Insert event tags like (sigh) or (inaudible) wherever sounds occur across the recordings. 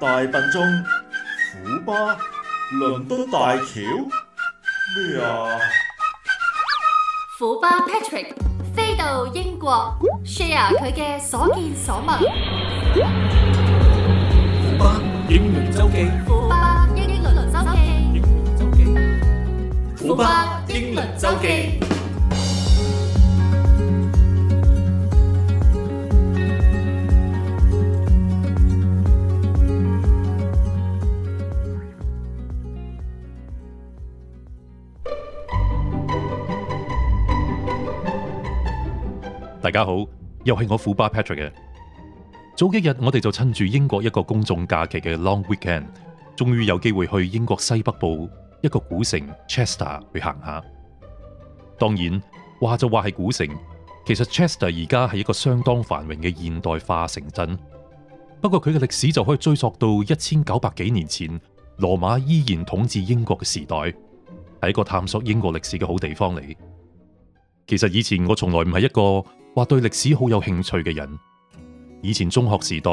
大笨鐘、虎巴、倫敦大橋，咩啊？虎巴 Patrick 飛到英國，share 佢嘅所見所聞。虎巴英倫周記，虎巴英倫倫周記，虎巴英倫周記。大家好，又係我虎爸 Patrick。早幾日我哋就趁住英國一個公眾假期嘅 Long Weekend，終於有機會去英國西北部一個古城 Chester 去行下。當然話就話係古城，其實 Chester 而家係一個相當繁榮嘅現代化城鎮。不過佢嘅歷史就可以追溯到一千九百幾年前羅馬依然統治英國嘅時代，係一個探索英國歷史嘅好地方嚟。其實以前我從來唔係一個。或對歷史好有興趣嘅人，以前中學時代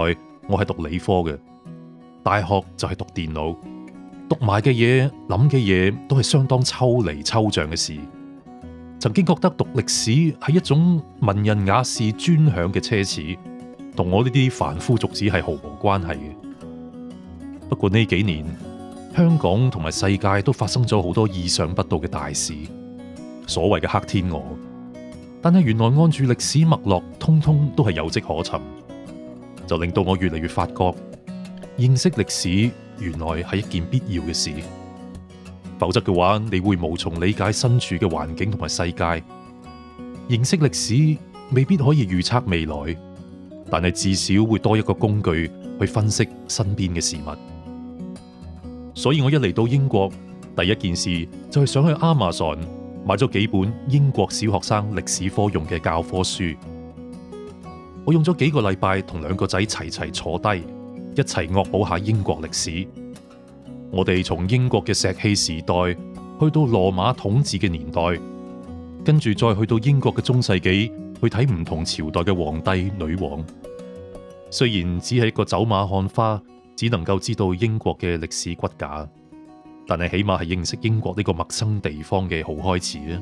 我係讀理科嘅，大學就係讀電腦，讀埋嘅嘢諗嘅嘢都係相當抽離抽象嘅事。曾經覺得讀歷史係一種文人雅士專享嘅奢侈，同我呢啲凡夫俗子係毫無關係嘅。不過呢幾年，香港同埋世界都發生咗好多意想不到嘅大事，所謂嘅黑天鵝。但係原來按住歷史脈絡，通通都係有跡可尋，就令到我越嚟越發覺認識歷史原來係一件必要嘅事。否則嘅話，你會無從理解身處嘅環境同埋世界。認識歷史未必可以預測未來，但係至少會多一個工具去分析身邊嘅事物。所以我一嚟到英國，第一件事就係想去 Amazon。買咗幾本英國小學生歷史科用嘅教科書，我用咗幾個禮拜，同兩個仔齊齊坐低，一齊惡補下英國歷史。我哋從英國嘅石器時代去到羅馬統治嘅年代，跟住再去到英國嘅中世紀，去睇唔同朝代嘅皇帝女王。雖然只係一個走馬看花，只能夠知道英國嘅歷史骨架。但係起碼係認識英國呢個陌生地方嘅好開始啊！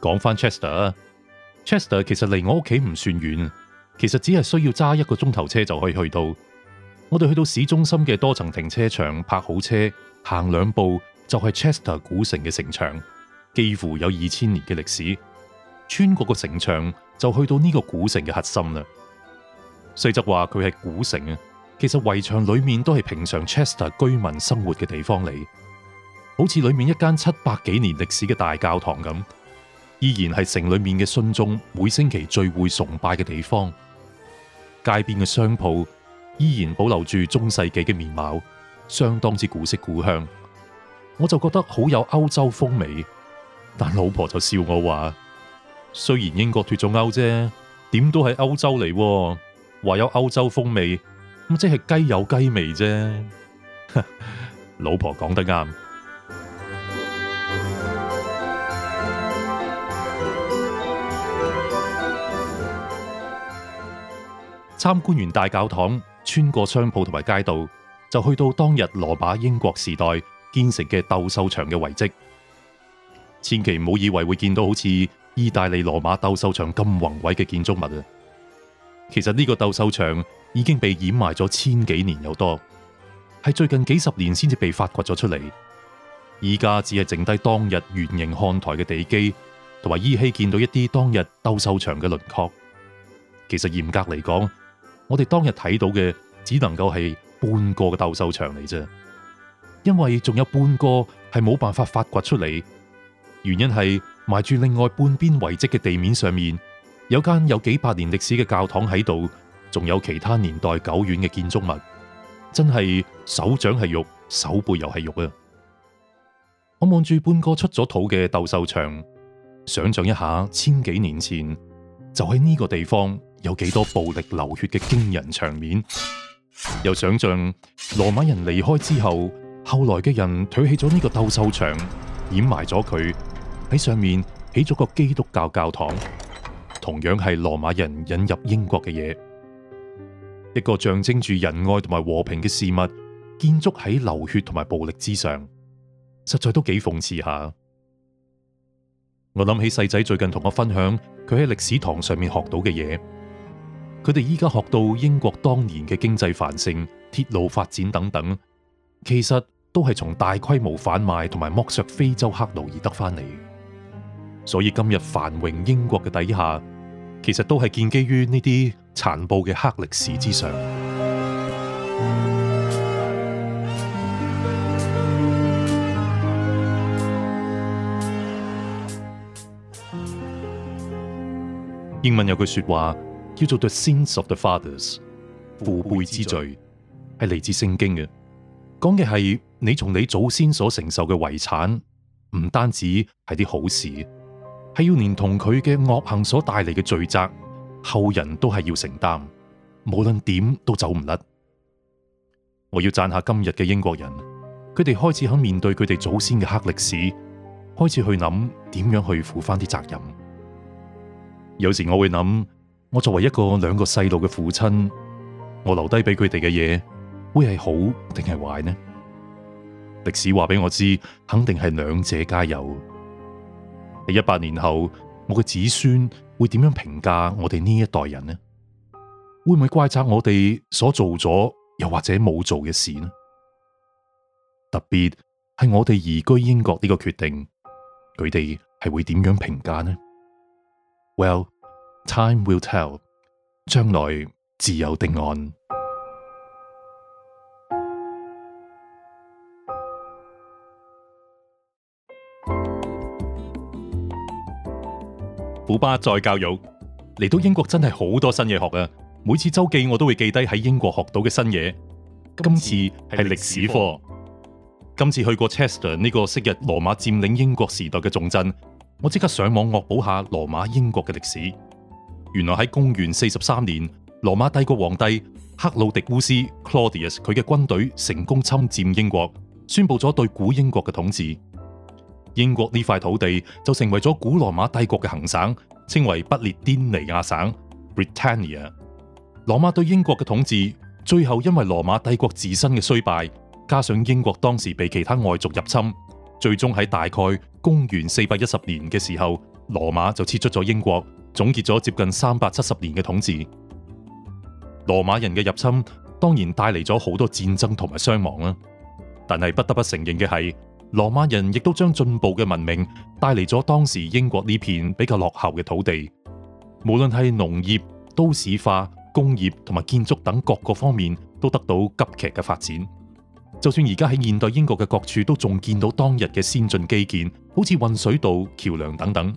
講翻 Chester，Chester 其實離我屋企唔算遠，其實只係需要揸一個鐘頭車就可以去到。我哋去到市中心嘅多層停車場泊好車，行兩步就係 Chester 古城嘅城牆，幾乎有二千年嘅歷史。穿過個城牆就去到呢個古城嘅核心啦。雖則話佢係古城啊，其實圍牆裏面都係平常 Chester 居民生活嘅地方嚟，好似裏面一間七百幾年歷史嘅大教堂咁，依然係城裏面嘅信眾每星期聚會崇拜嘅地方。街邊嘅商鋪依然保留住中世紀嘅面貌，相當之古色古香。我就覺得好有歐洲風味，但老婆就笑我話：雖然英國脫咗歐啫，點都係歐洲嚟。話有歐洲風味，咁即係雞有雞味啫。 (laughs) 老婆講得啱。參觀完大教堂，穿過商鋪同埋街道，就去到當日羅馬英國時代建成嘅鬥獸場嘅遺迹。千祈唔好以為會見到好似意大利羅馬鬥獸場咁宏偉嘅建築物啊！其實呢個鬥獸場已經被掩埋咗千幾年有多，係最近幾十年先至被發掘咗出嚟。依家只係剩低當日圓形看台嘅地基，同埋依稀見到一啲當日鬥獸場嘅輪廓。其實嚴格嚟講，我哋當日睇到嘅只能夠係半個嘅鬥獸場嚟啫，因為仲有半個係冇辦法發掘出嚟，原因係埋住另外半邊遺迹嘅地面上面。有間有幾百年歷史嘅教堂喺度，仲有其他年代久遠嘅建築物，真係手掌係肉，手背又係肉啊！我望住半個出咗土嘅鬥獸場，想象一下千幾年前就喺呢個地方有幾多暴力流血嘅驚人場面，又想象羅馬人離開之後，後來嘅人唾棄咗呢個鬥獸場，掩埋咗佢，喺上面起咗個基督教教堂。同樣係羅馬人引入英國嘅嘢，一個象徵住仁愛同埋和平嘅事物，建築喺流血同埋暴力之上，實在都幾諷刺下。我諗起細仔最近同我分享，佢喺歷史堂上面學到嘅嘢，佢哋依家學到英國當年嘅經濟繁盛、鐵路發展等等，其實都係從大規模販賣同埋剝削非洲黑奴而得翻嚟。所以今日繁榮英國嘅底下，其實都係建基於呢啲殘暴嘅黑歷史之上。英文有句說話叫做 The sins of the fathers，父輩之罪，係嚟自聖經嘅，講嘅係你從你祖先所承受嘅遺產，唔單止係啲好事。係要連同佢嘅惡行所帶嚟嘅罪責，後人都係要承擔，無論點都走唔甩。我要讚下今日嘅英國人，佢哋開始肯面對佢哋祖先嘅黑歷史，開始去諗點樣去負翻啲責任。有時我會諗，我作為一個兩個細路嘅父親，我留低俾佢哋嘅嘢，會係好定係壞呢？歷史話俾我知，肯定係兩者皆有。一百年後，我嘅子孫會點樣評價我哋呢一代人呢？會唔會怪責我哋所做咗又或者冇做嘅事呢？特別係我哋移居英國呢個決定，佢哋係會點樣評價呢？Well, time will tell，將來自有定案。古巴再教育，嚟到英國真係好多新嘢學啊！每次周記我都會記低喺英國學到嘅新嘢。今次係歷史課，今次去過 Chester 呢個昔日羅馬佔領英國時代嘅重鎮，我即刻上網惡補下羅馬英國嘅歷史。原來喺公元四十三年，羅馬帝國皇帝克魯迪烏斯 （Claudius） 佢嘅軍隊成功侵佔英國，宣布咗對古英國嘅統治。英國呢塊土地就成為咗古羅馬帝國嘅行省，稱為不列顛尼亞省 （Britannia）。羅馬對英國嘅統治，最後因為羅馬帝國自身嘅衰敗，加上英國當時被其他外族入侵，最終喺大概公元四百一十年嘅時候，羅馬就撤出咗英國，總結咗接近三百七十年嘅統治。羅馬人嘅入侵當然帶嚟咗好多戰爭同埋傷亡啦，但係不得不承認嘅係。羅馬人亦都將進步嘅文明帶嚟咗當時英國呢片比較落後嘅土地，無論係農業、都市化、工業同埋建築等各個方面都得到急劇嘅發展。就算而家喺現代英國嘅各處都仲見到當日嘅先進基建，好似運水道、橋梁等等。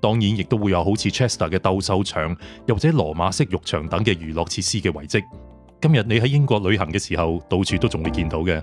當然亦都會有好似 Chester 嘅鬥獸場，又或者羅馬式浴場等嘅娛樂設施嘅遺迹。今日你喺英國旅行嘅時候，到處都仲會見到嘅。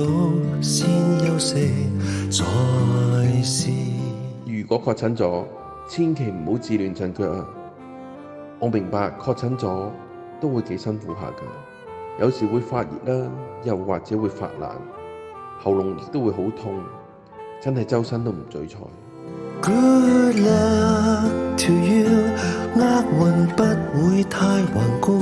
先休息，再試。如果確診咗，千祈唔好自亂陣腳啊！我明白確診咗都會幾辛苦下噶，有時會發熱啦，又或者會發冷，喉嚨亦都會好痛，真係周身都唔聚財。Good luck to you，厄運不會太頑固。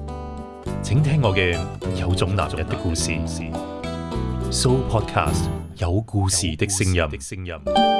請聽我嘅《有種男人的故事，So Podcast 有故事的聲音。